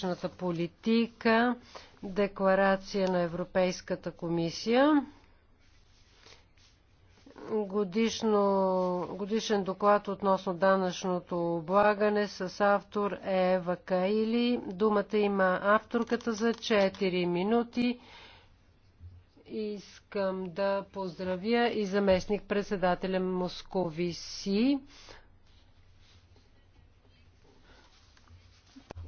данъчната политика, декларация на Европейската комисия, годишно, годишен доклад относно данъчното облагане с автор Ева Каили. Думата има авторката за 4 минути. Искам да поздравя и заместник председателя Московиси.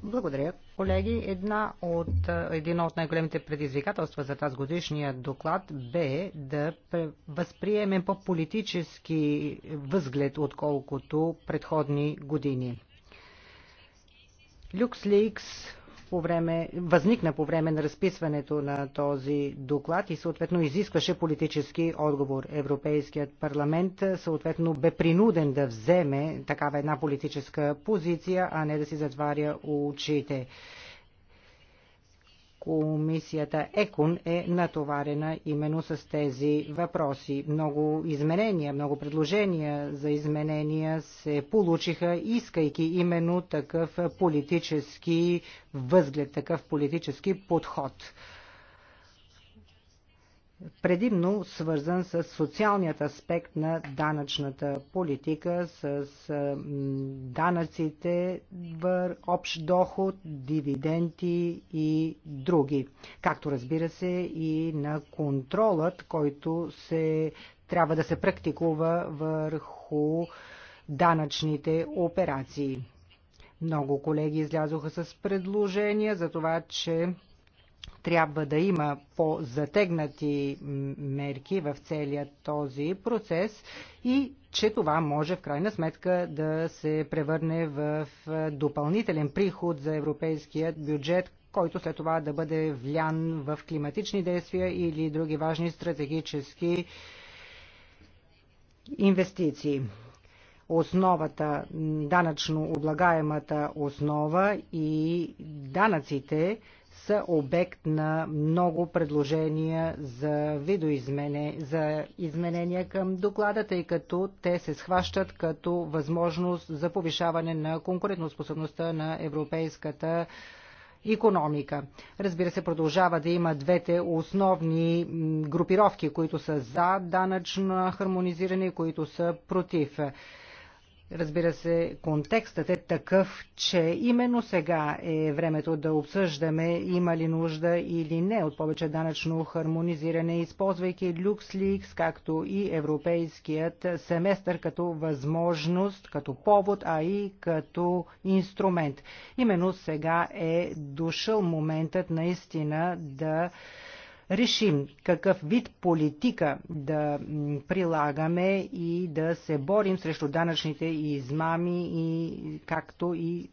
Благодаря. Колеги, една от, едно от най-големите предизвикателства за тази годишния доклад бе да възприемем по-политически възглед, отколкото предходни години. LuxLeaks по време, възникна по време на разписването на този доклад и съответно изискваше политически отговор. Европейският парламент съответно бе принуден да вземе такава една политическа позиция, а не да си затваря очите комисията ЕКОН е натоварена именно с тези въпроси. Много изменения, много предложения за изменения се получиха, искайки именно такъв политически възглед, такъв политически подход предимно свързан с социалният аспект на данъчната политика, с данъците в общ доход, дивиденти и други. Както разбира се и на контролът, който се трябва да се практикува върху данъчните операции. Много колеги излязоха с предложения за това, че трябва да има по-затегнати мерки в целия този процес и че това може в крайна сметка да се превърне в допълнителен приход за европейският бюджет, който след това да бъде влян в климатични действия или други важни стратегически инвестиции основата, данъчно облагаемата основа и данъците са обект на много предложения за видоизмене, за изменения към доклада, тъй като те се схващат като възможност за повишаване на конкурентоспособността на европейската економика. Разбира се, продължава да има двете основни групировки, които са за данъчно хармонизиране и които са против. Разбира се, контекстът е такъв, че именно сега е времето да обсъждаме има ли нужда или не от повече данъчно хармонизиране, използвайки LuxLeaks, както и европейският семестър като възможност, като повод, а и като инструмент. Именно сега е дошъл моментът наистина да решим какъв вид политика да прилагаме и да се борим срещу данъчните измами и както и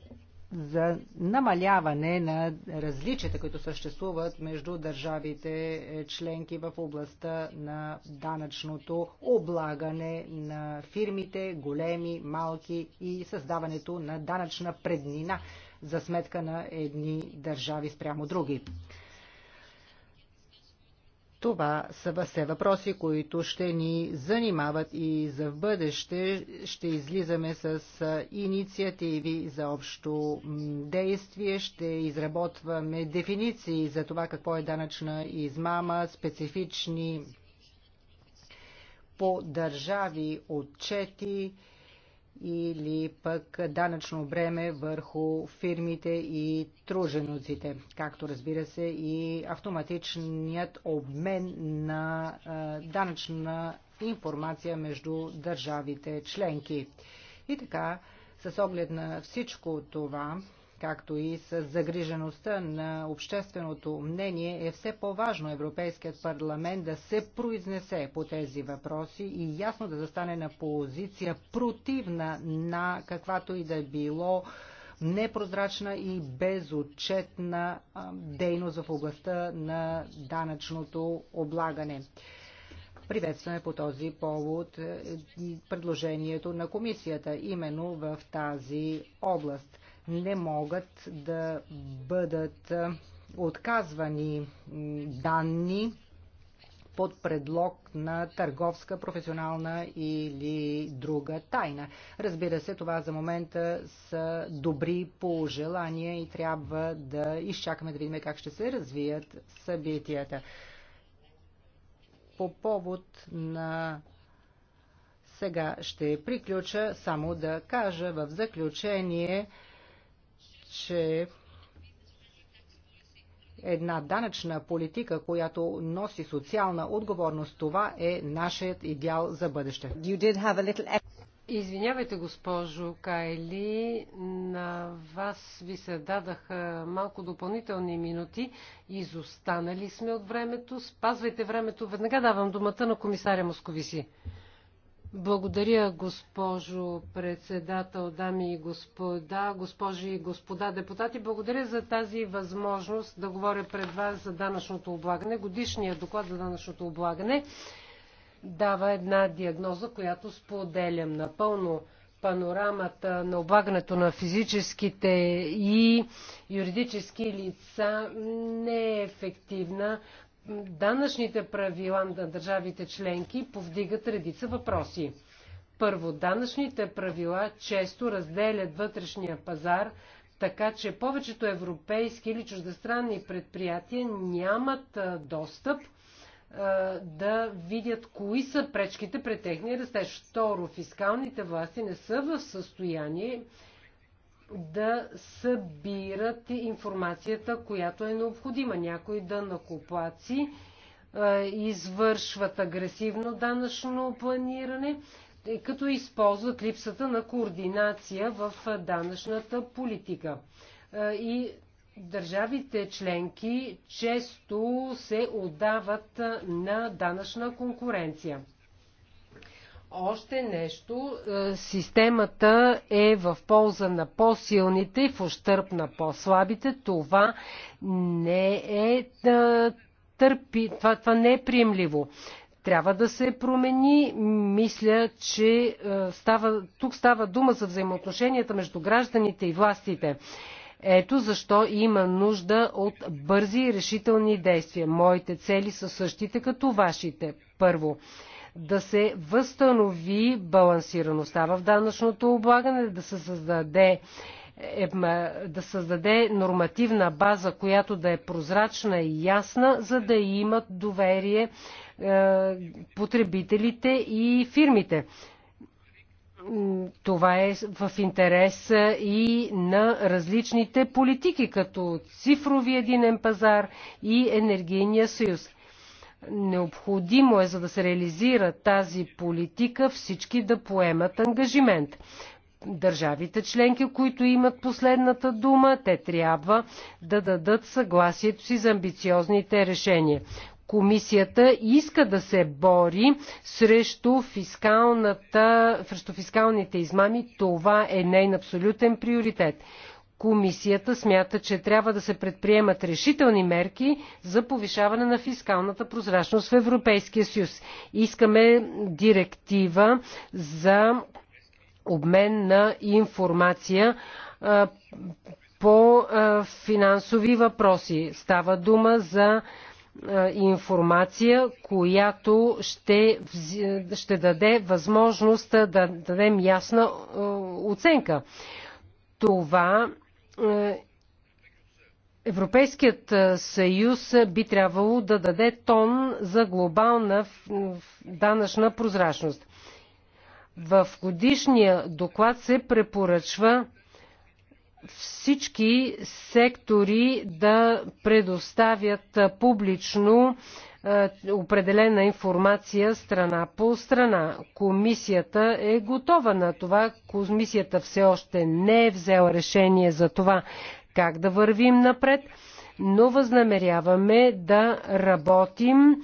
за намаляване на различията, които съществуват между държавите е, членки в областта на данъчното облагане на фирмите, големи, малки и създаването на данъчна преднина за сметка на едни държави спрямо други. Това са все въпроси, които ще ни занимават и за в бъдеще ще излизаме с инициативи за общо действие, ще изработваме дефиниции за това какво е данъчна измама, специфични по държави отчети или пък данъчно бреме върху фирмите и труженоците. както разбира се и автоматичният обмен на данъчна информация между държавите членки. И така, с оглед на всичко това, както и с загрижеността на общественото мнение, е все по-важно Европейският парламент да се произнесе по тези въпроси и ясно да застане на позиция противна на каквато и да е било непрозрачна и безотчетна дейност в областта на данъчното облагане. Приветстваме по този повод е, предложението на комисията именно в тази област не могат да бъдат отказвани данни под предлог на търговска, професионална или друга тайна. Разбира се, това за момента са добри пожелания и трябва да изчакаме да видим как ще се развият събитията. По повод на сега ще приключа само да кажа в заключение, че една данъчна политика, която носи социална отговорност, това е нашият идеал за бъдеще. Little... Извинявайте, госпожо Кайли, на вас ви се дадаха малко допълнителни минути. Изостанали сме от времето. Спазвайте времето. Веднага давам думата на комисаря Московиси. Благодаря, госпожо председател, дами и господа, госпожи и господа депутати. Благодаря за тази възможност да говоря пред вас за данъчното облагане. Годишният доклад за данъчното облагане дава една диагноза, която споделям напълно панорамата на облагането на физическите и юридически лица не е ефективна данъчните правила на държавите членки повдигат редица въпроси. Първо, данъчните правила често разделят вътрешния пазар, така че повечето европейски или чуждестранни предприятия нямат достъп да видят кои са пречките пред техния растеж. Второ, фискалните власти не са в състояние да събират информацията, която е необходима. Някои накоплаци, е, извършват агресивно данъчно планиране, е, като използват липсата на координация в данъчната политика. Е, и държавите членки често се отдават на данъчна конкуренция. Още нещо, е, системата е в полза на по-силните и в ощърп на по-слабите. Това не е, е търпи, това, това не е приемливо. Трябва да се промени. Мисля, че е, става, тук става дума за взаимоотношенията между гражданите и властите. Ето защо има нужда от бързи и решителни действия. Моите цели са същите като вашите. Първо, да се възстанови балансираността в данъчното облагане, да се създаде е, да създаде нормативна база, която да е прозрачна и ясна, за да имат доверие е, потребителите и фирмите. Това е в интерес и на различните политики, като цифрови единен пазар и енергийния съюз. Необходимо е, за да се реализира тази политика, всички да поемат ангажимент. Държавите членки, които имат последната дума, те трябва да дадат съгласието си за амбициозните решения. Комисията иска да се бори срещу, фискалната, срещу фискалните измами. Това е нейн абсолютен приоритет. Комисията смята, че трябва да се предприемат решителни мерки за повишаване на фискалната прозрачност в Европейския съюз. Искаме директива за обмен на информация по финансови въпроси. Става дума за информация, която ще, ще даде възможност да дадем ясна оценка. Това е, Европейският е, съюз би трябвало да даде тон за глобална данъчна прозрачност. В годишния доклад се препоръчва всички сектори да предоставят публично е, е, определена информация страна по страна. Комисията е готова на това. Комисията все още не е взела решение за това как да вървим напред, но възнамеряваме да работим е,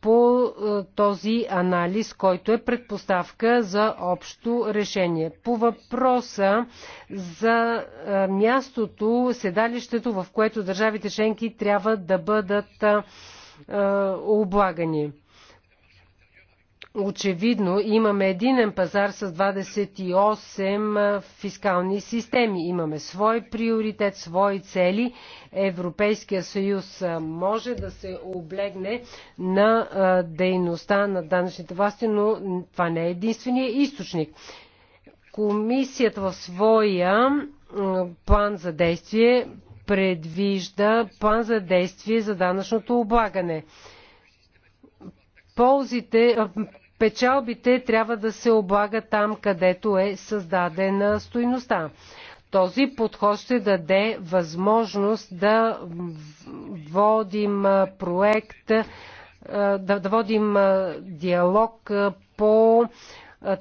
по е, този анализ, който е предпоставка за общо решение. По въпроса за мястото, седалището, в което държавите членки трябва да бъдат е, облагани. Очевидно имаме единен пазар с 28 е, фискални системи. Имаме свой приоритет, свои цели. Европейския съюз е, може да се облегне на дейността на данъчните власти, но това не е единствения източник. Комисията в своя план за действие предвижда план за действие за данъчното облагане. Ползите, печалбите трябва да се облагат там, където е създадена стоиността. Този подход ще даде възможност да водим проект, да водим диалог по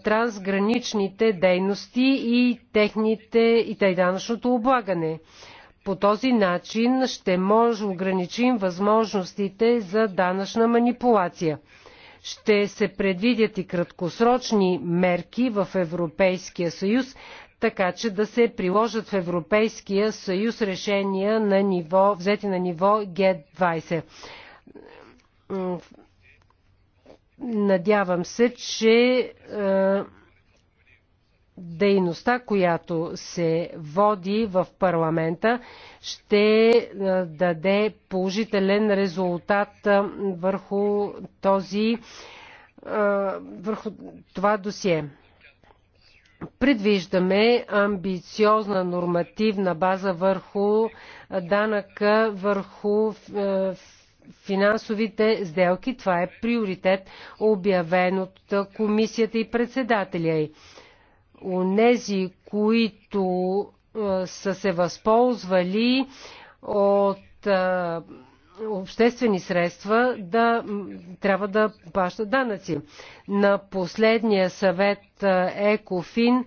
трансграничните дейности и техните и тъй данъчното облагане. По този начин ще може ограничим възможностите за данъчна манипулация. Ще се предвидят и краткосрочни мерки в Европейския съюз, така че да се приложат в Европейския съюз решения на ниво, взети на ниво Г20. Надявам се, че е, дейността, която се води в парламента, ще даде положителен резултат върху този върху това досие. Предвиждаме амбициозна нормативна база върху данъка върху финансовите сделки. Това е приоритет, обявен от комисията и председателя й. Онези, които са се възползвали от а, обществени средства, да, трябва да плащат данъци. На последния съвет Екофин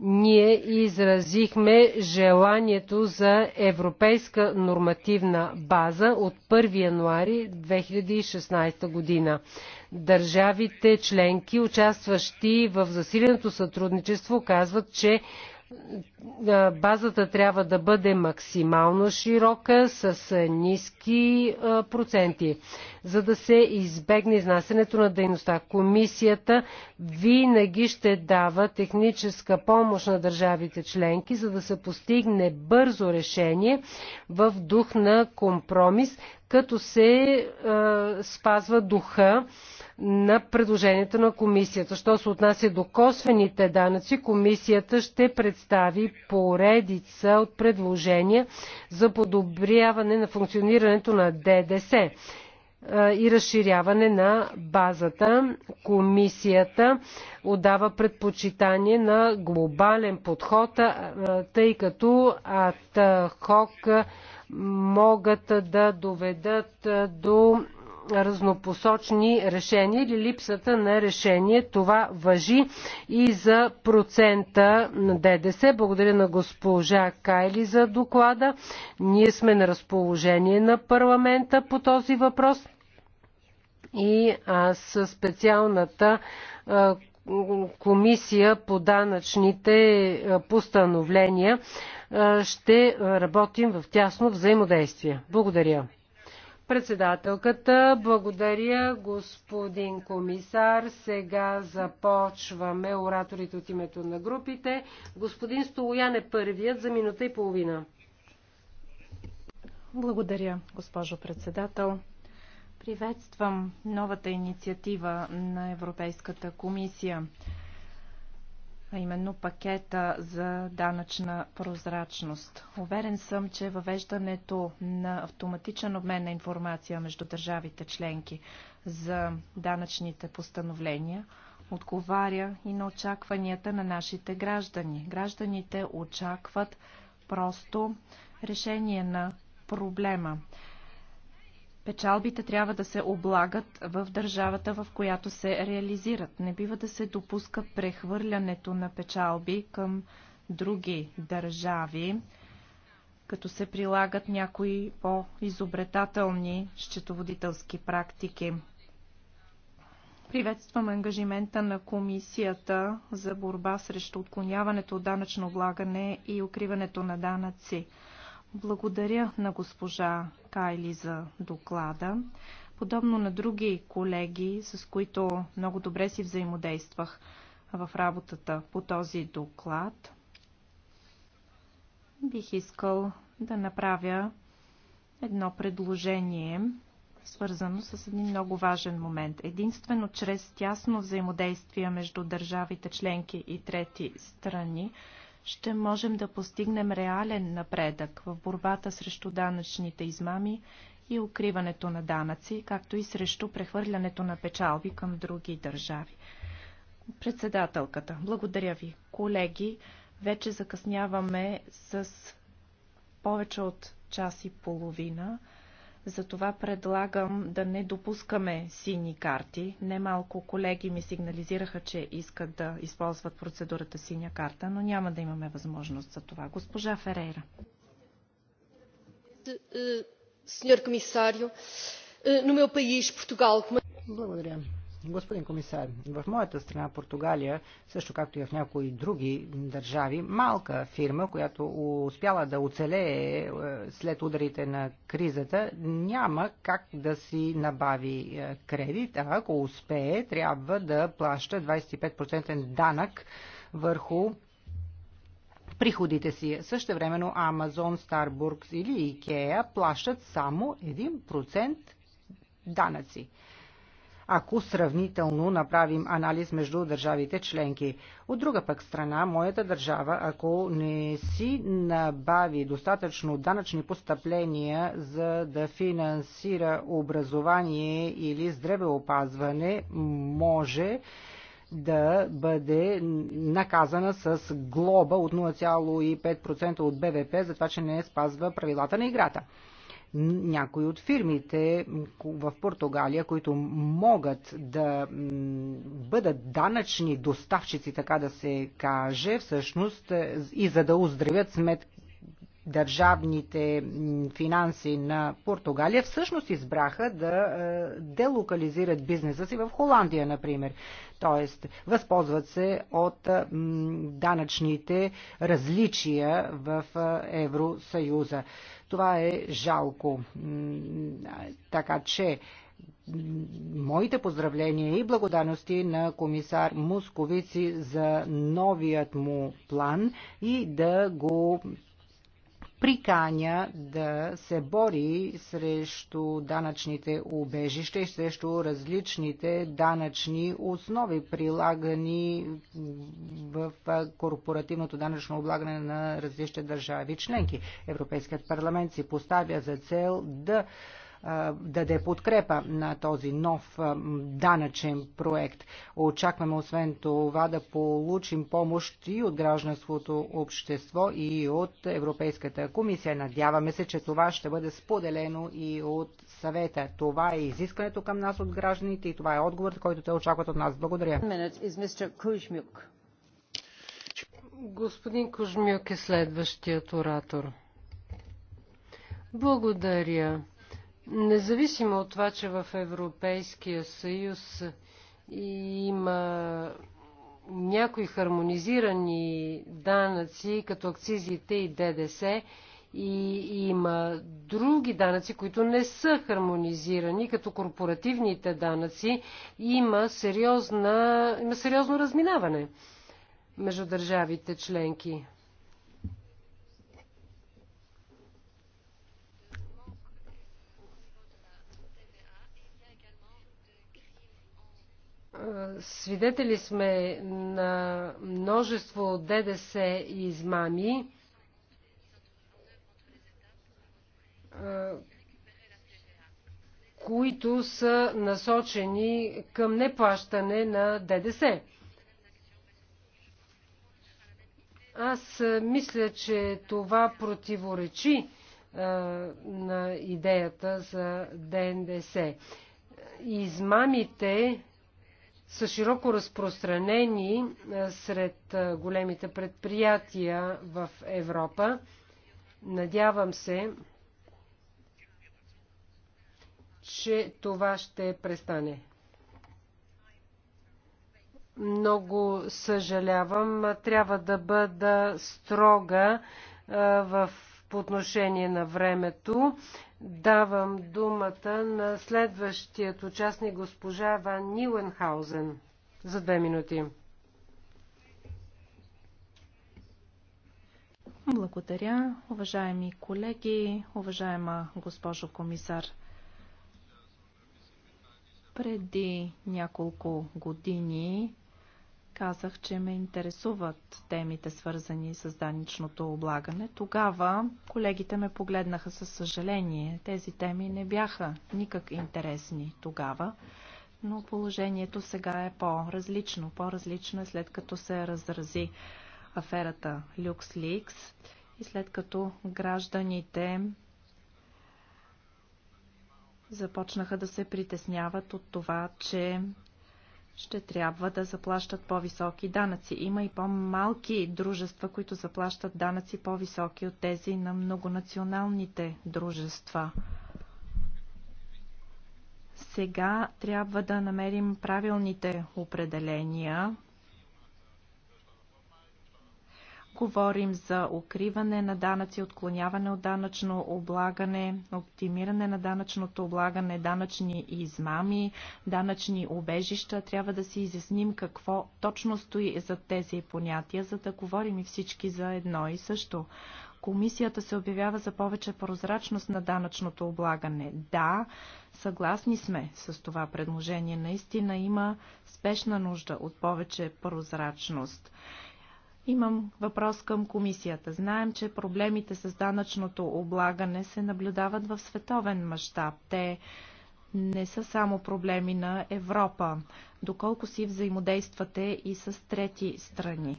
ние изразихме желанието за европейска нормативна база от 1 януари 2016 година. Държавите членки, участващи в засиленото сътрудничество, казват, че е, базата трябва да бъде максимално широка с е, ниски е, проценти, за да се избегне изнасянето на дейността. Комисията винаги ще дава техническа помощ на държавите членки, за да се постигне бързо решение в дух на компромис, като се спазва духа на предложението на комисията. Що се отнася до косвените данъци, комисията ще представи поредица от предложения за подобряване на функционирането на ДДС е, и разширяване на базата. Комисията отдава предпочитание на глобален подход, е, тъй като ад хок могат да доведат е, до разнопосочни решения или липсата на решение. Това въжи и за процента на ДДС. Благодаря на госпожа Кайли за доклада. Ние сме на разположение на парламента по този въпрос и с специалната комисия по данъчните постановления ще работим в тясно взаимодействие. Благодаря. Председателката, благодаря господин комисар. Сега започваме ораторите от името на групите. Господин Столоян е първият за минута и половина. Благодаря, госпожо председател. Приветствам новата инициатива на Европейската комисия а именно пакета за данъчна прозрачност. Уверен съм, че въвеждането на автоматичен обмен на информация между държавите членки за данъчните постановления отговаря и на очакванията на нашите граждани. Гражданите очакват просто решение на проблема. Печалбите трябва да се облагат в държавата, в която се реализират. Не бива да се допуска прехвърлянето на печалби към други държави, като се прилагат някои по-изобретателни счетоводителски практики. Приветствам ангажимента на Комисията за борба срещу отклоняването от данъчно облагане и укриването на данъци. Благодаря на госпожа Кайли за доклада. Подобно на други колеги, с които много добре си взаимодействах в работата по този доклад, бих искал да направя едно предложение, свързано с един много важен момент. Единствено чрез тясно взаимодействие между държавите членки и трети страни, ще можем да постигнем реален напредък в борбата срещу данъчните измами и укриването на данъци, както и срещу прехвърлянето на печалби към други държави. Председателката, благодаря ви. Колеги, вече закъсняваме с повече от час и половина. Затова предлагам да не допускаме сини карти. Немалко колеги ми сигнализираха, че искат да използват процедурата синя карта, но няма да имаме възможност за това. Госпожа Ферейра. Е, е, сеньор комисарио, е, Благодаря. Господин комисар, в моята страна, Португалия, също както и в някои други държави, малка фирма, която успяла да оцелее е, след ударите на кризата, няма как да си набави е, кредит, а ако успее, трябва да плаща 25% данък върху приходите си. Също времено Амазон, Starbucks или Икея плащат само 1% данъци ако сравнително направим анализ между държавите членки. От друга пък страна, моята държава, ако не си набави достатъчно данъчни постъпления за да финансира образование или здравеопазване, може да бъде наказана с глоба от 0,5% от БВП за това, че не спазва правилата на играта някои от фирмите в Португалия, които могат да бъдат данъчни доставчици, така да се каже, всъщност и за да оздравят сметки държавните финанси на Португалия, всъщност избраха да е, делокализират бизнеса си в Холандия, например. Тоест, възползват се от е, данъчните различия в е, Евросъюза. Това е жалко. Така че, моите поздравления и благодарности на комисар Мусковици за новият му план и да го приканя да се бори срещу данъчните убежища и срещу различните данъчни основи, прилагани в корпоративното данъчно облагане на различни държави членки. Европейският парламент си поставя за цел да даде подкрепа на този нов данъчен проект. Очакваме освен това да получим помощ и от гражданството общество и от Европейската комисия. Надяваме се, че това ще бъде споделено и от съвета. Това е изискването към нас от гражданите и това е отговорът, който те очакват от нас. Благодаря. Господин Кожмюк е следващият оратор. Благодаря. Независимо от това, че в Европейския съюз има някои хармонизирани данъци, като акцизите и ДДС, и има други данъци, които не са хармонизирани, като корпоративните данъци, има, сериозна, има сериозно разминаване между държавите членки. свидетели сме на множество ДДС и измами, които са насочени към неплащане на ДДС. Аз мисля, че това противоречи а, на идеята за ДНДС. Измамите са широко разпространени е, сред е, големите предприятия в Европа. Надявам се, че това ще престане. Много съжалявам. Трябва да бъда строга е, в, по отношение на времето. Давам думата на следващият участник госпожа Ван Ниленхаузен за две минути. Благодаря, уважаеми колеги, уважаема госпожо комисар. Преди няколко години казах, че ме интересуват темите, свързани с даничното облагане. Тогава колегите ме погледнаха със съжаление. Тези теми не бяха никак интересни тогава, но положението сега е по-различно. По-различно е след като се разрази аферата LuxLeaks и след като гражданите започнаха да се притесняват от това, че ще трябва да заплащат по-високи данъци. Има и по-малки дружества, които заплащат данъци по-високи от тези на многонационалните дружества. Сега трябва да намерим правилните определения Говорим за укриване на данъци, отклоняване от данъчно облагане, оптимиране на данъчното облагане, данъчни измами, данъчни обежища. Трябва да си изясним какво точно стои за тези понятия, за да говорим и всички за едно и също. Комисията се обявява за повече прозрачност на данъчното облагане. Да, съгласни сме с това предложение. Наистина има спешна нужда от повече прозрачност. Имам въпрос към комисията. Знаем, че проблемите с данъчното облагане се наблюдават в световен мащаб. Те не са само проблеми на Европа. Доколко си взаимодействате и с трети страни?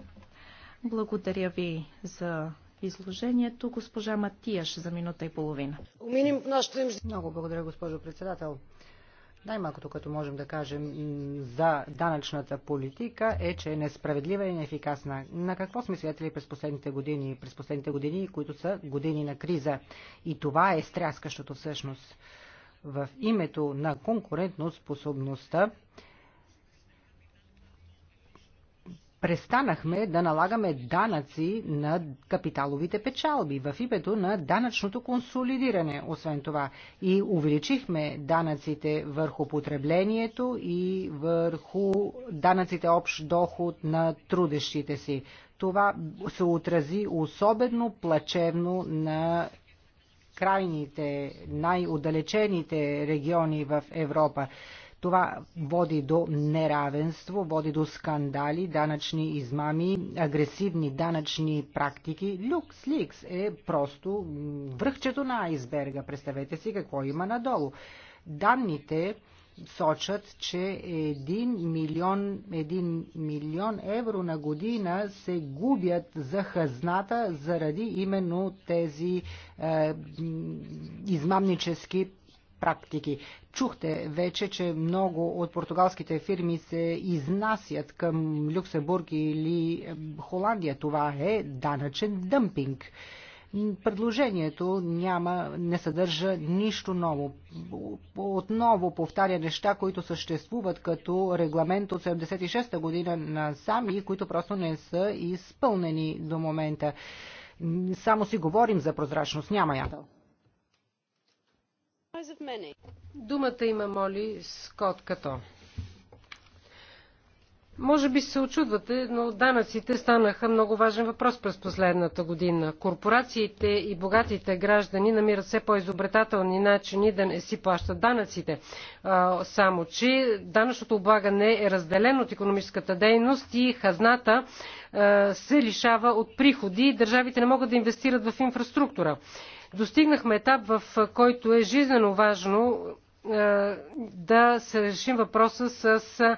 Благодаря ви за изложението. Госпожа Матияш за минута и половина. Много благодаря, госпожо председател. Най-малкото, като можем да кажем за данъчната политика е, че е несправедлива и неефикасна. На какво сме свидетели през последните години? През последните години, които са години на криза. И това е стряскащото всъщност. В името на конкурентно способността престанахме да налагаме данъци на капиталовите печалби в името на данъчното консолидиране, освен това. И увеличихме данъците върху потреблението и върху данъците общ доход на трудещите си. Това се отрази особено плачевно на крайните, най-отдалечените региони в Европа. Това води до неравенство, води до скандали, данъчни измами, агресивни данъчни практики. Люкс Ликс е просто връхчето на айсберга. Представете си какво има надолу. Данните сочат, че 1 милион, 1 милион евро на година се губят за хазната заради именно тези е, измамнически практики. Чухте вече, че много от португалските фирми се изнасят към Люксембург или Холандия. Това е данъчен дъмпинг. Предложението няма, не съдържа нищо ново. Отново повтаря неща, които съществуват като регламент от 76-та година на сами, които просто не са изпълнени до момента. Само си говорим за прозрачност, няма ятел. Думата има моли Скот Като. Може би се очудвате, но данъците станаха много важен въпрос през последната година. Корпорациите и богатите граждани намират все по-изобретателни начини да не си плащат данъците. само, че данъчното облагане е разделено от економическата дейност и хазната се лишава от приходи и държавите не могат да инвестират в инфраструктура. Достигнахме етап, в който е жизненно важно е, да се решим въпроса с е,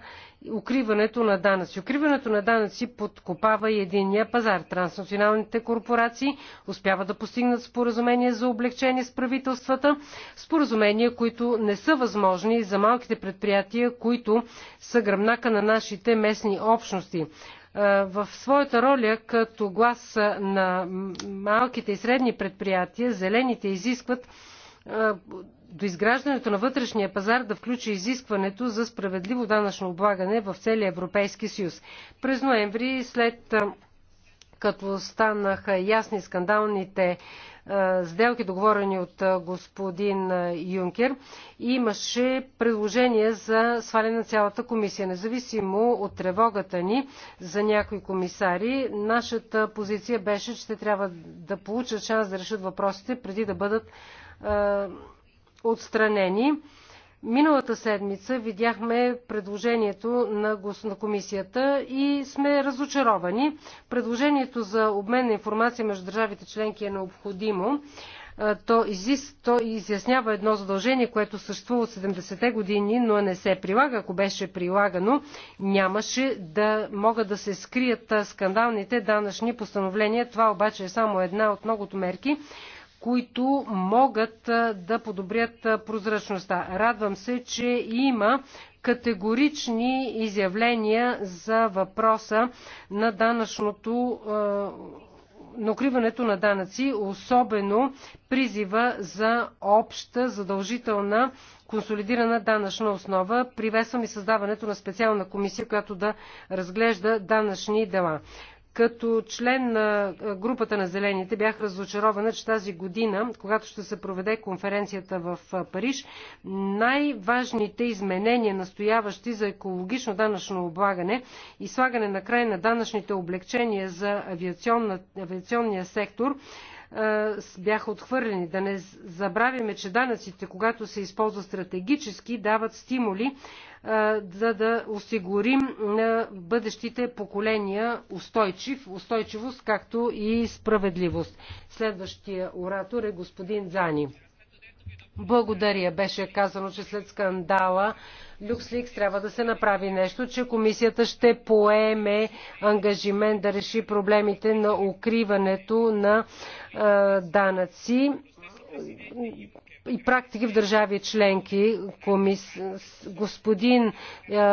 укриването на данъци. Укриването на данъци подкопава и единния пазар. Транснационалните корпорации успяват да постигнат споразумение за облегчение с правителствата, споразумения, които не са възможни за малките предприятия, които са гръмнака на нашите местни общности. Е, в своята роля като глас на малките и средни предприятия, зелените изискват до изграждането на вътрешния пазар да включи изискването за справедливо данъчно облагане в целия Европейски съюз. През ноември, след като станаха ясни скандалните сделки, договорени от господин Юнкер, имаше предложение за сваляне на цялата комисия. Независимо от тревогата ни за някои комисари, нашата позиция беше, че те трябва да получат шанс да решат въпросите преди да бъдат отстранени. Миналата седмица видяхме предложението на комисията и сме разочаровани. Предложението за обмен на информация между държавите членки е необходимо. То, изис, то изяснява едно задължение, което съществува от 70-те години, но не се прилага. Ако беше прилагано, нямаше да могат да се скрият скандалните данъчни постановления. Това обаче е само една от многото мерки, които могат да подобрят прозрачността. Радвам се, че има категорични изявления за въпроса на данъчното на укриването на данъци, особено призива за обща задължителна консолидирана данъчна основа. Приветствам и създаването на специална комисия, която да разглежда данъчни дела. Като член на групата на зелените бях разочарована, че тази година, когато ще се проведе конференцията в Париж, най-важните изменения, настояващи за екологично данъчно облагане и слагане на край на данъчните облегчения за авиационния сектор, бяха отхвърлени. Да не забравяме, че данъците, когато се използват стратегически, дават стимули за да осигурим на бъдещите поколения устойчив, устойчивост, както и справедливост. Следващия оратор е господин Зани. Благодаря. Беше казано, че след скандала Люксликс трябва да се направи нещо, че комисията ще поеме ангажимент да реши проблемите на укриването на данъци и практики в държави членки. Господин е,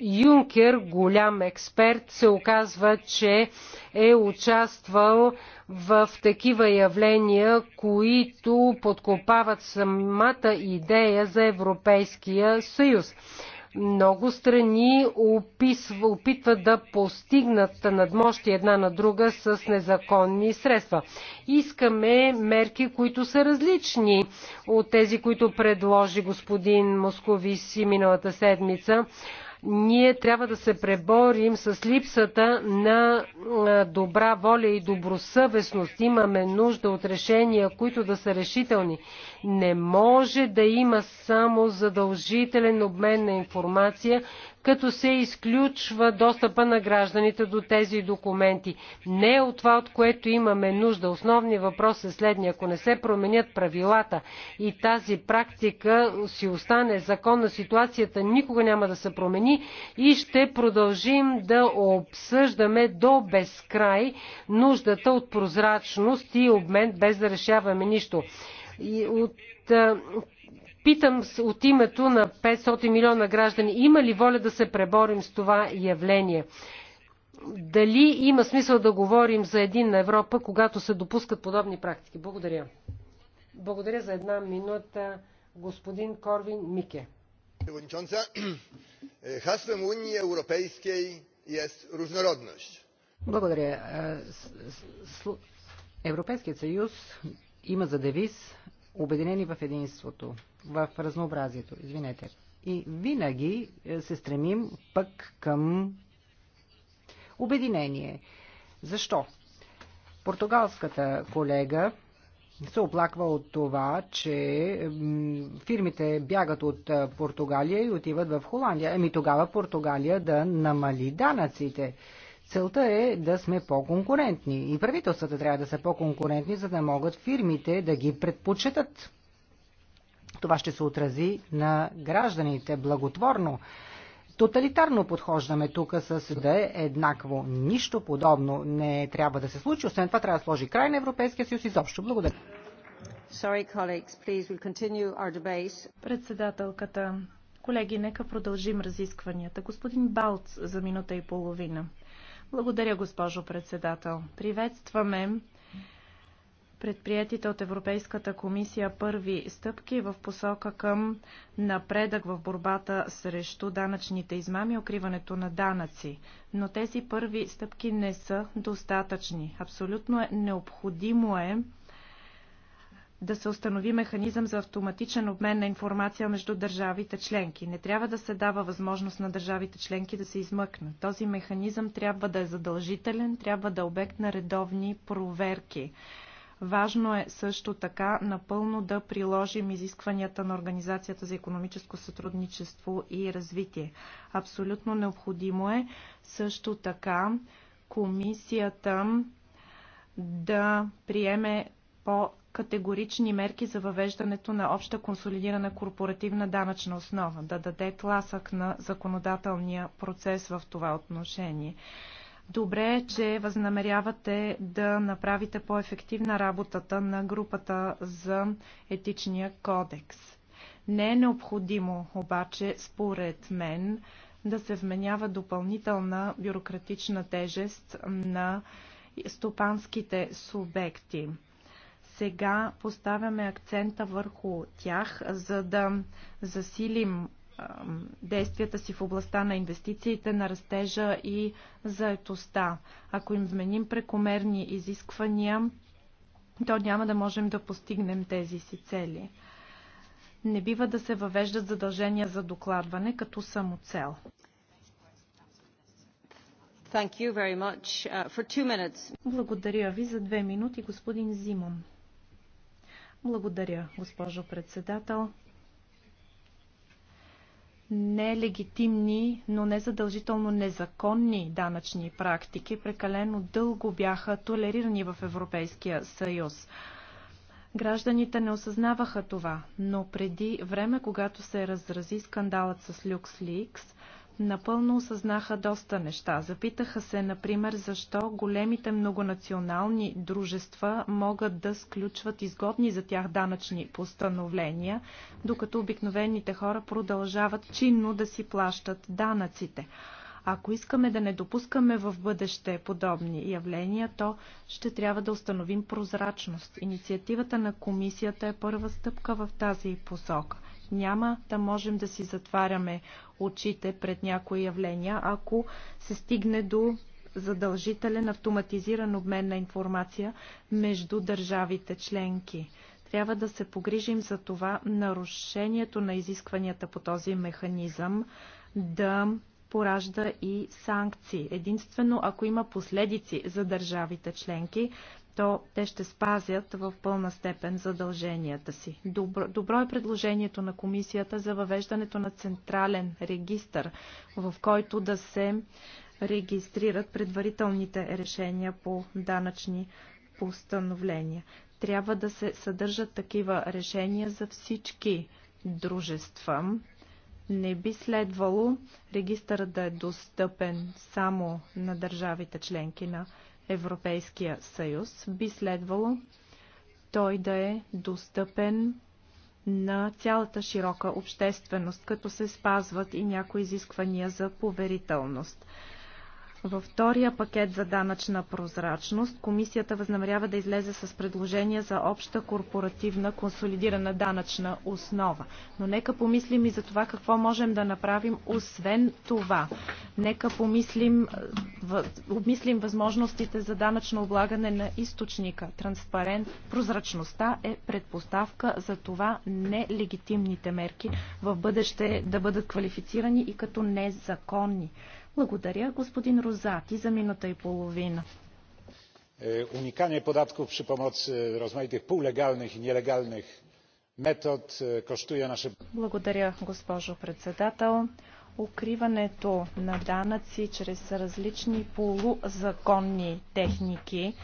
Юнкер, голям експерт, се оказва, че е участвал в такива явления, които подкопават самата идея за Европейския съюз. Много страни описва, опитват да постигнат надмощи една на друга с незаконни средства. Искаме мерки, които са различни от тези, които предложи господин Московиси миналата седмица ние трябва да се преборим с липсата на добра воля и добросъвестност. Имаме нужда от решения, които да са решителни. Не може да има само задължителен обмен на информация, като се изключва достъпа на гражданите до тези документи. Не е от това, от което имаме нужда. Основният въпрос е следния. Ако не се променят правилата и тази практика си остане законна, ситуацията никога няма да се промени и ще продължим да обсъждаме до безкрай нуждата от прозрачност и обмен без да решаваме нищо. И от Питам от името на 500 милиона граждани, има ли воля да се преборим с това явление? Дали има смисъл да говорим за един на Европа, когато се допускат подобни практики? Благодаря. Благодаря за една минута, господин Корвин Мике. Благодаря. Е, Европейският съюз има за девиз обединени в единството, в разнообразието, извинете. И винаги е, се стремим пък към обединение. Защо? Португалската колега се оплаква от това, че фирмите бягат от е, Португалия и отиват в Холандия. Еми тогава Португалия да намали данъците. Целта е да сме по-конкурентни и правителствата трябва да са по-конкурентни, за да могат фирмите да ги предпочитат. Това ще се отрази на гражданите благотворно. Тоталитарно подхождаме тук с да е еднакво. Нищо подобно не трябва да се случи. Освен това трябва да сложи край на Европейския съюз изобщо. Благодаря. Sorry, colleagues, please, we'll continue our debate. Председателката, колеги, нека продължим разискванията. Господин Балц за минута и половина. Благодаря, госпожо председател. Приветстваме предприятите от Европейската комисия първи стъпки в посока към напредък в борбата срещу данъчните измами и укриването на данъци. Но тези първи стъпки не са достатъчни. Абсолютно е необходимо е да се установи механизъм за автоматичен обмен на информация между държавите членки. Не трябва да се дава възможност на държавите членки да се измъкнат. Този механизъм трябва да е задължителен, трябва да е обект на редовни проверки. Важно е също така напълно да приложим изискванията на Организацията за економическо сътрудничество и развитие. Абсолютно необходимо е също така комисията да приеме по категорични мерки за въвеждането на обща консолидирана корпоративна данъчна основа, да даде тласък на законодателния процес в това отношение. Добре е, че възнамерявате да направите по-ефективна работата на групата за етичния кодекс. Не е необходимо обаче, според мен, да се вменява допълнителна бюрократична тежест на стопанските субекти. Сега поставяме акцента върху тях, за да засилим действията си в областта на инвестициите, на растежа и заетостта. Ако им вменим прекомерни изисквания, то няма да можем да постигнем тези си цели. Не бива да се въвеждат задължения за докладване като самоцел. Uh, Благодаря ви за две минути, господин Зимон. Благодаря, госпожо председател. Нелегитимни, но не задължително незаконни данъчни практики прекалено дълго бяха толерирани в Европейския съюз. Гражданите не осъзнаваха това, но преди време, когато се разрази скандалът с LuxLeaks, напълно осъзнаха доста неща. Запитаха се, например, защо големите многонационални дружества могат да сключват изгодни за тях данъчни постановления, докато обикновените хора продължават чинно да си плащат данъците. Ако искаме да не допускаме в бъдеще подобни явления, то ще трябва да установим прозрачност. Инициативата на комисията е първа стъпка в тази посока – няма да можем да си затваряме очите пред някои явления, ако се стигне до задължителен автоматизиран обмен на информация между държавите членки. Трябва да се погрижим за това нарушението на изискванията по този механизъм да поражда и санкции. Единствено, ако има последици за държавите членки, то те ще спазят в пълна степен задълженията си. Добро, добро е предложението на комисията за въвеждането на централен регистр, в който да се регистрират предварителните решения по данъчни постановления. Трябва да се съдържат такива решения за всички дружества. Не би следвало регистърът да е достъпен само на държавите членки на Европейския съюз, би следвало той да е достъпен на цялата широка общественост, като се спазват и някои изисквания за поверителност. Във втория пакет за данъчна прозрачност комисията възнамерява да излезе с предложение за обща корпоративна консолидирана данъчна основа. Но нека помислим и за това какво можем да направим освен това. Нека помислим, е, обмислим възможностите за данъчно облагане на източника. Транспарент, прозрачността е предпоставка за това нелегитимните мерки в бъдеще да бъдат квалифицирани и като незаконни. Благодаря, господин Розати, за минута и половина. Уникание podatków przy pomocy rozmaitych półlegalnych i nielegalnych метод е, коштуя наше... Благодаря, госпожо председател. Укриването на данъци чрез различни полузаконни техники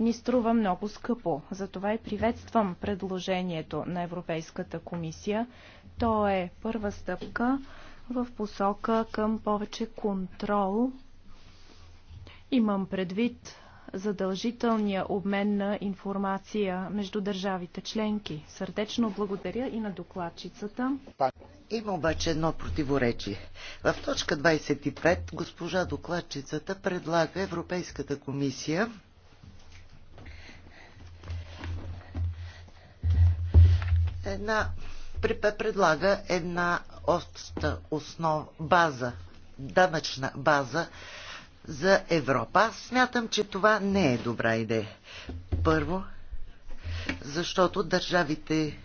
ни струва много скъпо. Затова и приветствам предложението на Европейската комисия. То е първа стъпка в посока към повече контрол. Имам предвид задължителния обмен на информация между държавите членки. Сърдечно благодаря и на докладчицата. Има обаче едно противоречие. В точка 25 госпожа докладчицата предлага Европейската комисия една предлага една основа база, данъчна база за Европа. Аз смятам, че това не е добра идея. Първо, защото държавите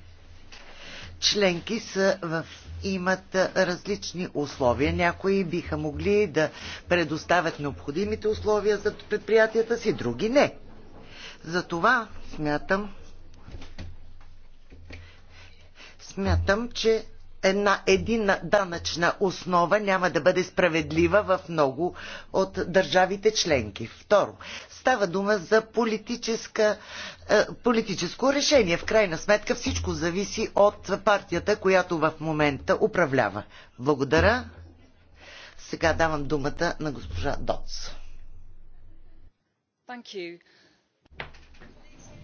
членки са в имат различни условия. Някои биха могли да предоставят необходимите условия за предприятията си, други не. Затова смятам, Смятам, че една единна данъчна основа няма да бъде справедлива в много от държавите членки. Второ, става дума за политическа, е, политическо решение. В крайна сметка всичко зависи от партията, която в момента управлява. Благодаря. Сега давам думата на госпожа Доц.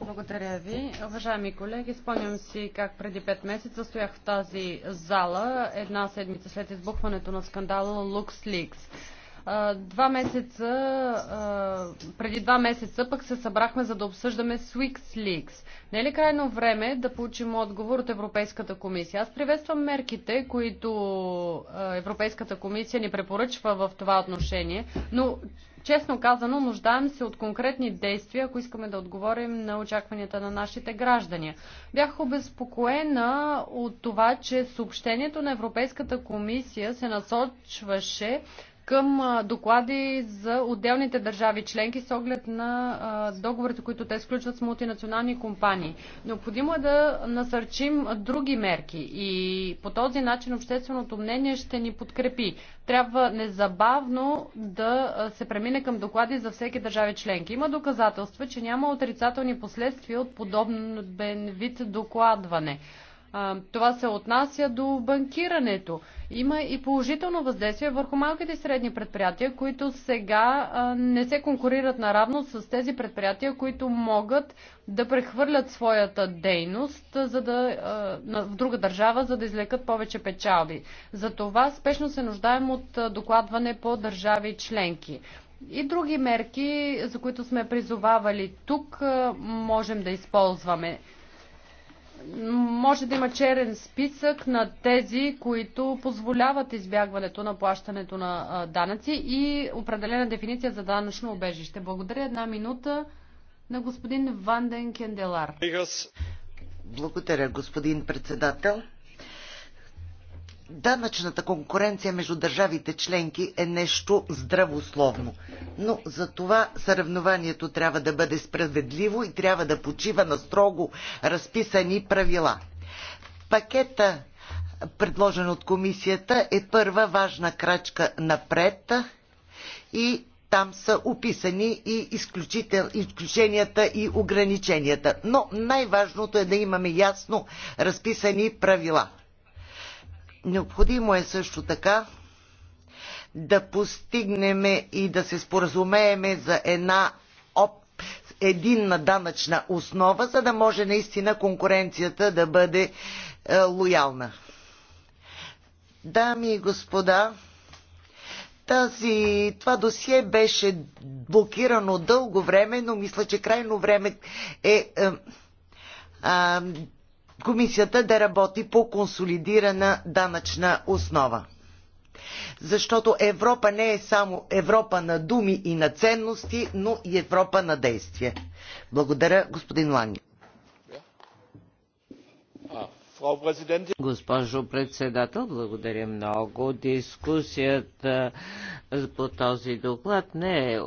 Благодаря ви. Уважаеми колеги, спомням си как преди 5 месеца стоях в тази зала, една седмица след избухването на скандала LuxLeaks. Два месеца, преди два месеца пък се събрахме за да обсъждаме SwixLeaks. Не е ли крайно време да получим отговор от Европейската комисия? Аз приветствам мерките, които Европейската комисия ни препоръчва в това отношение, но Честно казано, нуждаем се от конкретни действия, ако искаме да отговорим на очакванията на нашите граждани. Бях обезпокоена от това, че съобщението на Европейската комисия се насочваше към доклади за отделните държави членки с оглед на договорите, които те сключват с мултинационални компании. Необходимо е да насърчим други мерки и по този начин общественото мнение ще ни подкрепи. Трябва незабавно да се премине към доклади за всеки държави членки. Има доказателства, че няма отрицателни последствия от подобен вид докладване. Това се отнася до банкирането. Има и положително въздействие върху малките и средни предприятия, които сега не се конкурират наравно с тези предприятия, които могат да прехвърлят своята дейност за да, в друга държава, за да излекат повече печалби. За това спешно се нуждаем от докладване по държави членки. И други мерки, за които сме призовавали тук, можем да използваме може да има черен списък на тези, които позволяват избягването на плащането на данъци и определена дефиниция за данъчно убежище. Благодаря една минута на господин Ванден Кенделар. Благодаря, господин председател. Данъчната конкуренция между държавите членки е нещо здравословно, но за това съревнованието трябва да бъде справедливо и трябва да почива на строго разписани правила. Пакета, предложен от комисията, е първа важна крачка напред и там са описани и изключенията и ограниченията. Но най-важното е да имаме ясно разписани правила – Необходимо е също така да постигнем и да се споразумееме за една единна данъчна основа, за да може наистина конкуренцията да бъде е, лоялна. Дами и господа, тази, това досие беше блокирано дълго време, но мисля, че крайно време е, е, е комисията да работи по консолидирана данъчна основа. Защото Европа не е само Европа на думи и на ценности, но и Европа на действие. Благодаря, господин Ланги. Госпожо председател, благодаря много. Дискусията по този доклад не е, е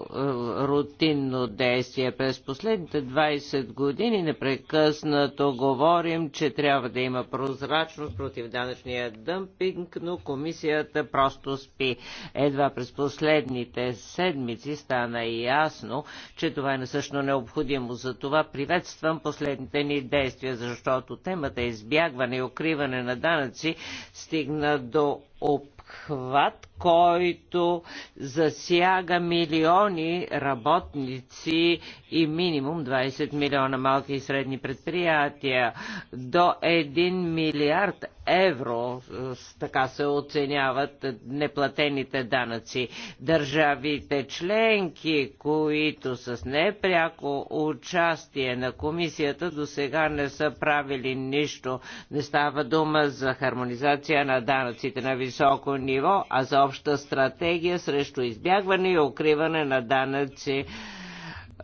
рутинно действие. През последните 20 години непрекъснато говорим, че трябва да има прозрачност против данъчния дъмпинг, но комисията просто спи. Едва през последните седмици стана ясно, че това е насъщно необходимо. За това приветствам последните ни действия, защото темата е избягва избягване и укриване на данъци стигна до обхват, който засяга милиони работници и минимум 20 милиона малки и средни предприятия до 1 милиард евро, е, така се оценяват неплатените данъци. Държавите членки, които с непряко участие на комисията до сега не са правили нищо, не става дума за хармонизация на данъците на високо ниво, а за обща стратегия срещу избягване и укриване на данъци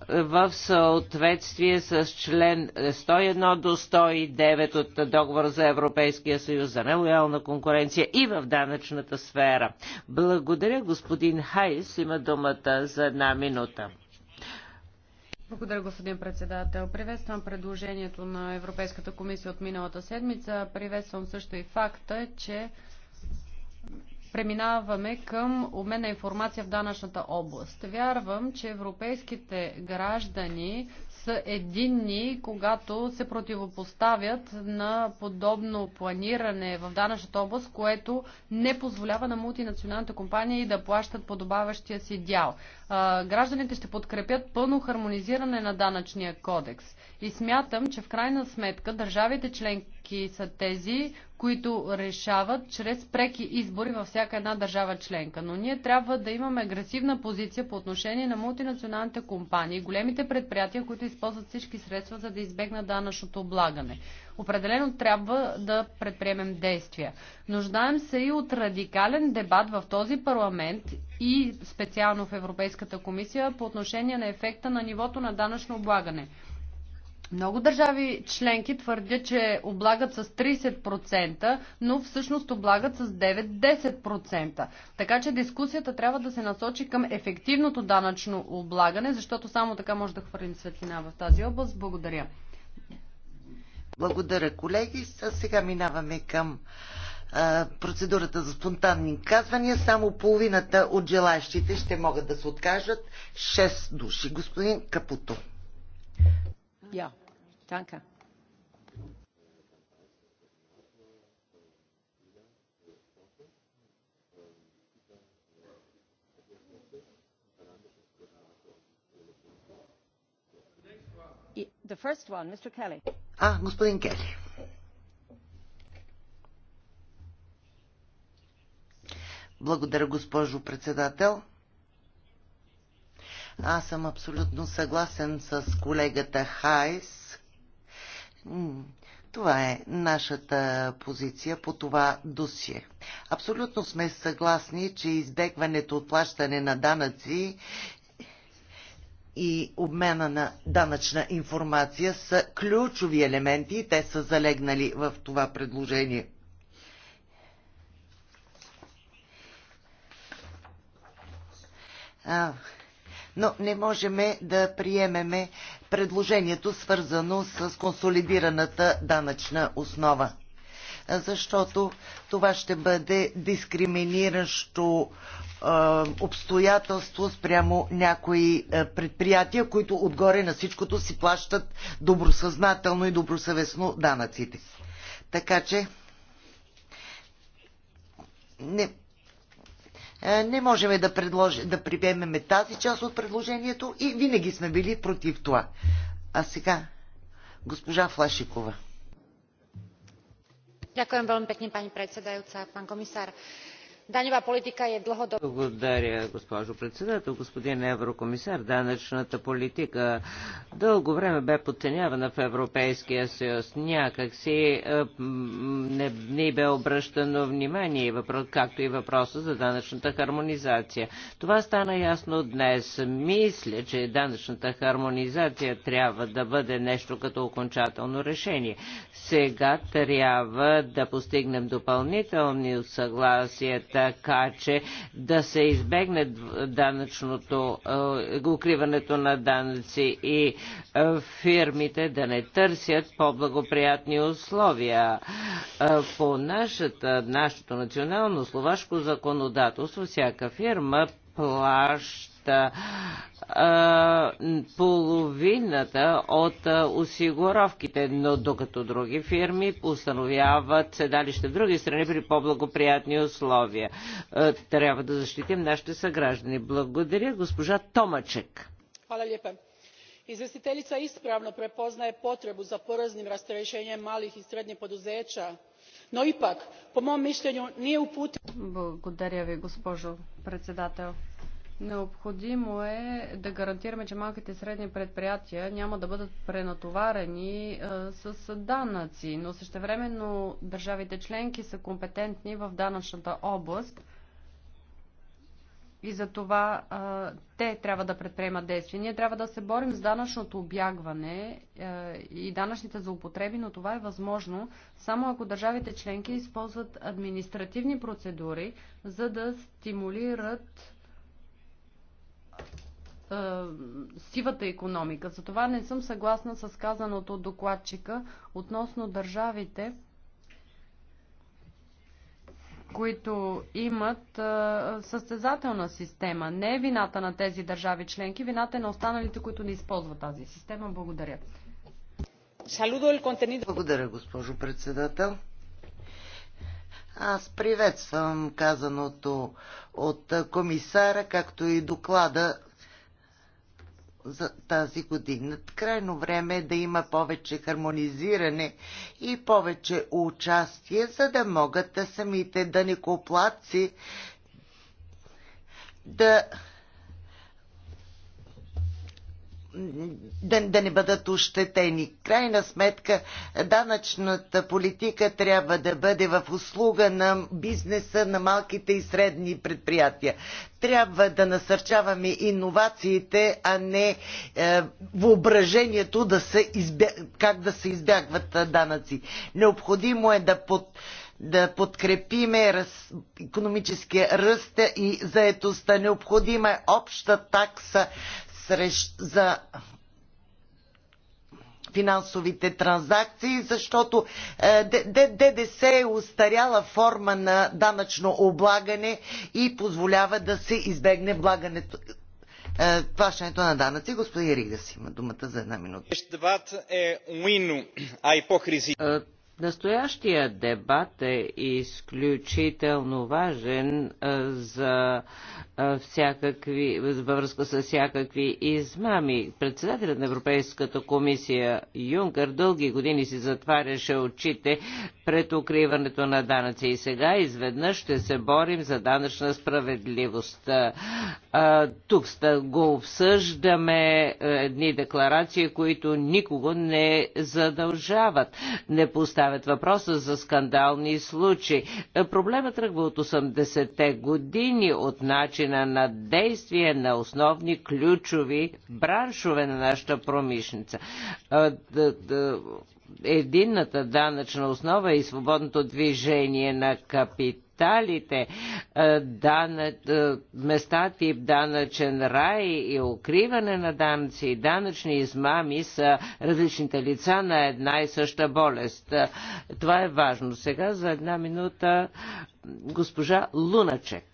в съответствие с член 101 до 109 от договора за Европейския съюз за нелоялна конкуренция и в данъчната сфера. Благодаря, господин Хайс. Има думата за една минута. Благодаря, господин председател. Приветствам предложението на Европейската комисия от миналата седмица. Приветствам също и факта, че преминаваме към обмен на информация в данъчната област. Вярвам, че европейските граждани са единни, когато се противопоставят на подобно планиране в данъчната област, което не позволява на мултинационалните компании да плащат подобаващия си дял. гражданите ще подкрепят пълно хармонизиране на данъчния кодекс. И смятам, че в крайна сметка държавите членки са тези, които решават чрез преки избори във всяка една държава членка. Но ние трябва да имаме агресивна позиция по отношение на мултинационалните компании, големите предприятия, които използват всички средства, за да избегнат данъчното облагане. Определено трябва да предприемем действия. Нуждаем се и от радикален дебат в този парламент и специално в Европейската комисия по отношение на ефекта на нивото на данъчно облагане. Много държави членки твърдят, че облагат с 30%, но всъщност облагат с 9-10%. Така че дискусията трябва да се насочи към ефективното данъчно облагане, защото само така може да хвърлим светлина в тази област. Благодаря. Благодаря, колеги. сега минаваме към а, процедурата за спонтанни казвания. Само половината от желащите ще могат да се откажат. 6 души. Господин Капуто. Ja, danke. The first one, Mr. Kelly. А, господин Кели. Благодаря, госпожо председател. Аз съм абсолютно съгласен с колегата Хайс. Това е нашата позиция по това досие. Абсолютно сме съгласни, че избегването от плащане на данъци и обмена на данъчна информация са ключови елементи и те са залегнали в това предложение. А, но не можем да приемеме предложението свързано с консолидираната данъчна основа. Защото това ще бъде дискриминиращо обстоятелство спрямо някои предприятия, които отгоре на всичкото си плащат добросъзнателно и добросъвестно данъците. Така че не, е, не можем да, предлож... да приемеме тази част от предложението и винаги сме били против това. А сега, госпожа Флашикова. Ďakujem veľmi pekne, pani predsedajúca, pán komisár. Данева политика е дългодобна. Благодаря, госпожо председател. Господин еврокомисар, данъчната политика дълго време бе подценявана в Европейския съюз. Някак си е, не, не бе обръщано внимание, както и въпроса за данъчната хармонизация. Това стана ясно днес. Мисля, че данъчната хармонизация трябва да бъде нещо като окончателно решение. Сега трябва да постигнем допълнителни съгласията така че да се избегне данъчното, е, укриването на данъци и е, фирмите да не търсят по-благоприятни условия. Е, по нашата, нашето национално словашко законодателство всяка фирма плаща половината от осигуровките, но докато други фирми установяват седалище в други страни при по-благоприятни условия. Трябва да защитим нашите съграждани. Благодаря, госпожа Томачек. Hvala lijepa. Izvjestiteljica ispravno prepoznaje потребу за poreznim rasterećenjem малих и srednjih poduzeća но ipak po mom mišljenju nije uputila. Благодаря ви, госпожо председател. Необходимо е да гарантираме, че малките и средни предприятия няма да бъдат пренатоварени с данъци, но същевременно държавите членки са компетентни в данъчната област – и за това а, те трябва да предприемат действия. Ние трябва да се борим с данъчното обягване а, и данъчните злоупотреби, но това е възможно само ако държавите членки използват административни процедури, за да стимулират а, сивата економика. Затова не съм съгласна с казаното от докладчика относно държавите, които имат състезателна система. Не е вината на тези държави членки, вината е на останалите, които не използват тази система. Благодаря. Благодаря, госпожо председател. Аз приветствам казаното от комисара, както и доклада за тази година. Крайно време е да има повече хармонизиране и повече участие, за да могат да самите данекоплаци да да, да не бъдат ощетени. Крайна сметка, данъчната политика трябва да бъде в услуга на бизнеса, на малките и средни предприятия. Трябва да насърчаваме иновациите, а не е, въображението да се избя... как да се избягват данъци. Необходимо е да под да подкрепиме раз, економическия ръст и заетостта. Необходима е обща такса за финансовите транзакции, защото е, ДДС е устаряла форма на данъчно облагане и позволява да се избегне влагането е, плащането на данъци. Господин Ригас има думата за една минута. Е Настоящия дебат е изключително важен за всякакви, във връзка с всякакви измами. Председателят на Европейската комисия Юнкър дълги години си затваряше очите пред укриването на данъци и сега изведнъж ще се борим за данъчна справедливост. Тук го обсъждаме едни декларации, които никого не задължават, не поставят поставят въпроса за скандални случаи. Проблемът тръгва от 80-те години, от начина на действие на основни ключови браншове на нашата промишница единната данъчна основа е и свободното движение на капитал капиталите, места тип данъчен рай и укриване на данъци и данъчни измами са различните лица на една и съща болест. Това е важно. Сега за една минута госпожа Луначек.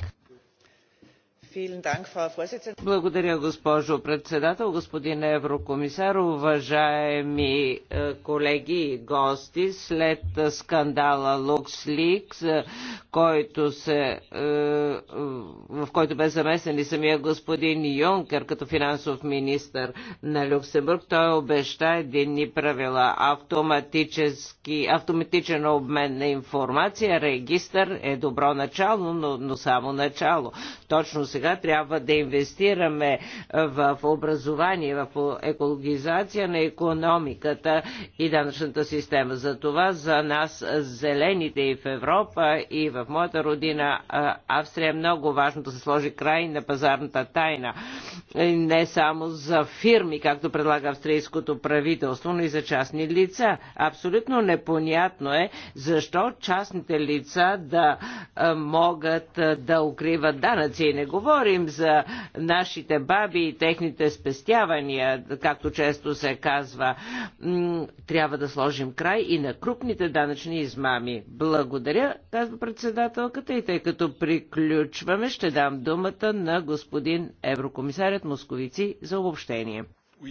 Благодаря, госпожо председател, господин еврокомисар, уважаеми е, колеги и гости. След е, скандала LuxLeaks, е, който се, в който бе замесен и самия господин Юнкер като финансов министр на Люксембург, той обеща единни правила, автоматически, автоматичен обмен на информация, регистър е добро начало, но, но само начало. Точно сега сега трябва да инвестираме в образование, в екологизация на економиката и данъчната система. За това за нас зелените и в Европа и в моята родина Австрия е много важно да се сложи край на пазарната тайна. Не само за фирми, както предлага австрийското правителство, но и за частни лица. Абсолютно непонятно е защо частните лица да могат да укриват данъци. И не говорят говорим за нашите баби и техните спестявания, както често се казва. Трябва да сложим край и на крупните данъчни измами. Благодаря, казва председателката и тъй като приключваме, ще дам думата на господин еврокомисарят Московици за обобщение.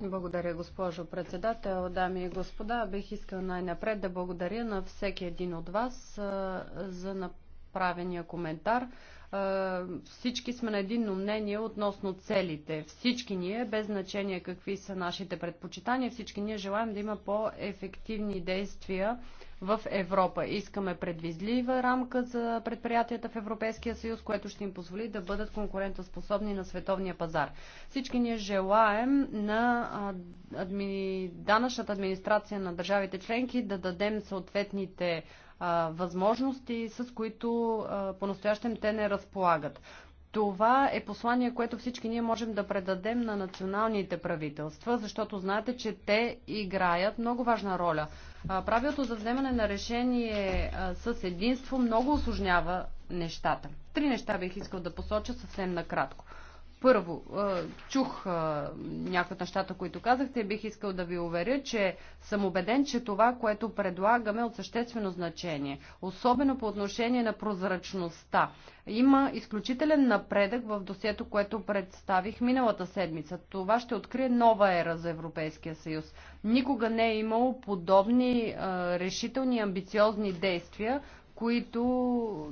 Благодаря, госпожо председател. Дами и господа, бих искал най-напред да благодаря на всеки един от вас за отправения коментар. Е, всички сме на единно мнение относно целите. Всички ние, без значение какви са нашите предпочитания, всички ние желаем да има по-ефективни действия в Европа. Искаме предвизлива рамка за предприятията в Европейския съюз, което ще им позволи да бъдат конкурентоспособни на световния пазар. Всички ние желаем на адми... данъчната администрация на държавите членки да дадем съответните а, възможности, с които а, по-настоящем те не разполагат. Това е послание, което всички ние можем да предадем на националните правителства, защото знаете, че те играят много важна роля. Правилото за вземане на решение с единство много осложнява нещата. Три неща бих искал да посоча съвсем накратко. Първо, чух някои от нещата, които казахте и бих искал да ви уверя, че съм убеден, че това, което предлагаме е от съществено значение, особено по отношение на прозрачността. Има изключителен напредък в досието, което представих миналата седмица. Това ще открие нова ера за Европейския съюз. Никога не е имало подобни решителни амбициозни действия, които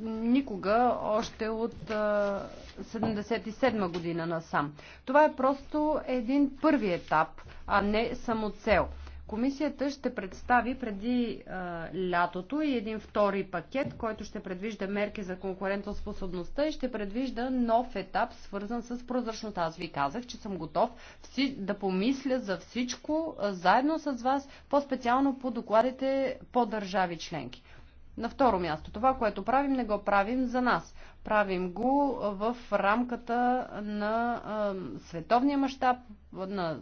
никога още от 77 година насам. Това е просто един първи етап, а не само цел. Комисията ще представи преди а, лятото и един втори пакет, който ще предвижда мерки за конкурентоспособността и ще предвижда нов етап, свързан с прозрачността. Аз ви казах, че съм готов вси, да помисля за всичко а, заедно с вас, по-специално по докладите по държави членки. На второ място, това, което правим, не го правим за нас. Правим го в рамката на световния мащаб, на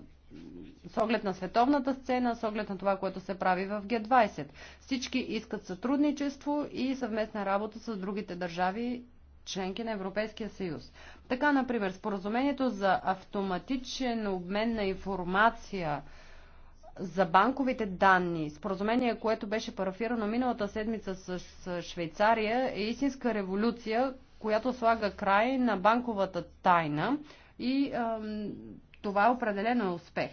с оглед на световната сцена, с оглед на това, което се прави в Г-20. Всички искат сътрудничество и съвместна работа с другите държави, членки на Европейския съюз. Така, например, споразумението за автоматичен обмен на информация за банковите данни, споразумение, което беше парафирано миналата седмица с Швейцария, е истинска революция, която слага край на банковата тайна и а, това е определено успех.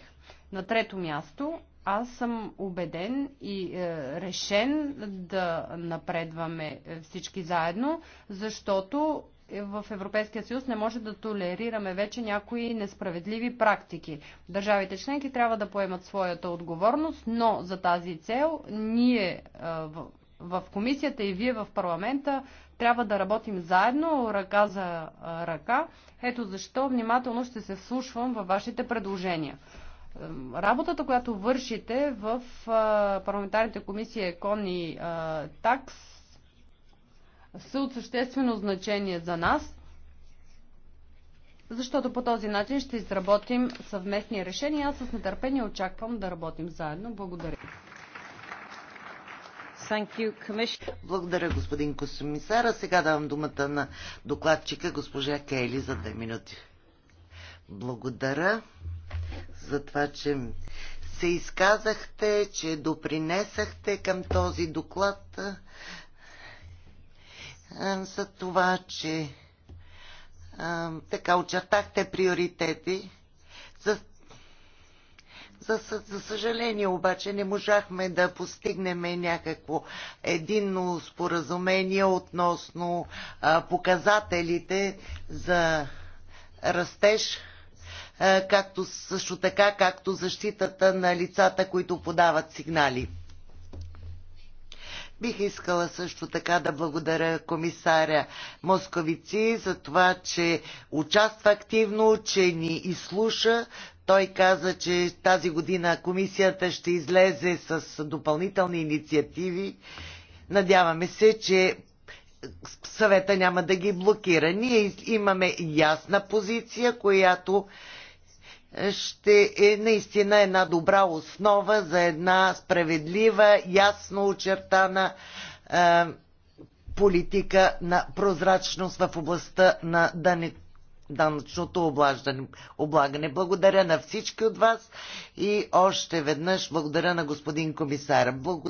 На трето място, аз съм убеден и е, решен да напредваме е, всички заедно, защото в Европейския съюз не може да толерираме вече някои несправедливи практики. Държавите членки трябва да поемат своята отговорност, но за тази цел ние в комисията и вие в парламента трябва да работим заедно, ръка за ръка. Ето защо внимателно ще се вслушвам във вашите предложения. Работата, която вършите в парламентарните комисии ЕКОН и ТАКС, са от съществено значение за нас, защото по този начин ще изработим съвместни решения. Аз с нетърпение очаквам да работим заедно. Благодаря. Благодаря, господин Косомисара. Сега давам думата на докладчика госпожа Кейли за две минути. Благодаря за това, че се изказахте, че допринесахте към този доклад. Е, за това, че е, така очертахте приоритети. За, за, за съжаление обаче не можахме да постигнем някакво единно споразумение относно а, е, показателите за растеж, а, както също така, както защитата на лицата, които подават сигнали. Бих искала също така да благодаря комисаря Московици за това, че участва активно, че ни изслуша. Той каза, че тази година комисията ще излезе с допълнителни инициативи. Надяваме се, че съвета няма да ги блокира. Ние имаме ясна позиция, която ще е наистина една добра основа за една справедлива, ясно очертана е, политика на прозрачност в областта на данък данъчното облагане. Благодаря на всички от вас и още веднъж благодаря на господин комисар. Благодаря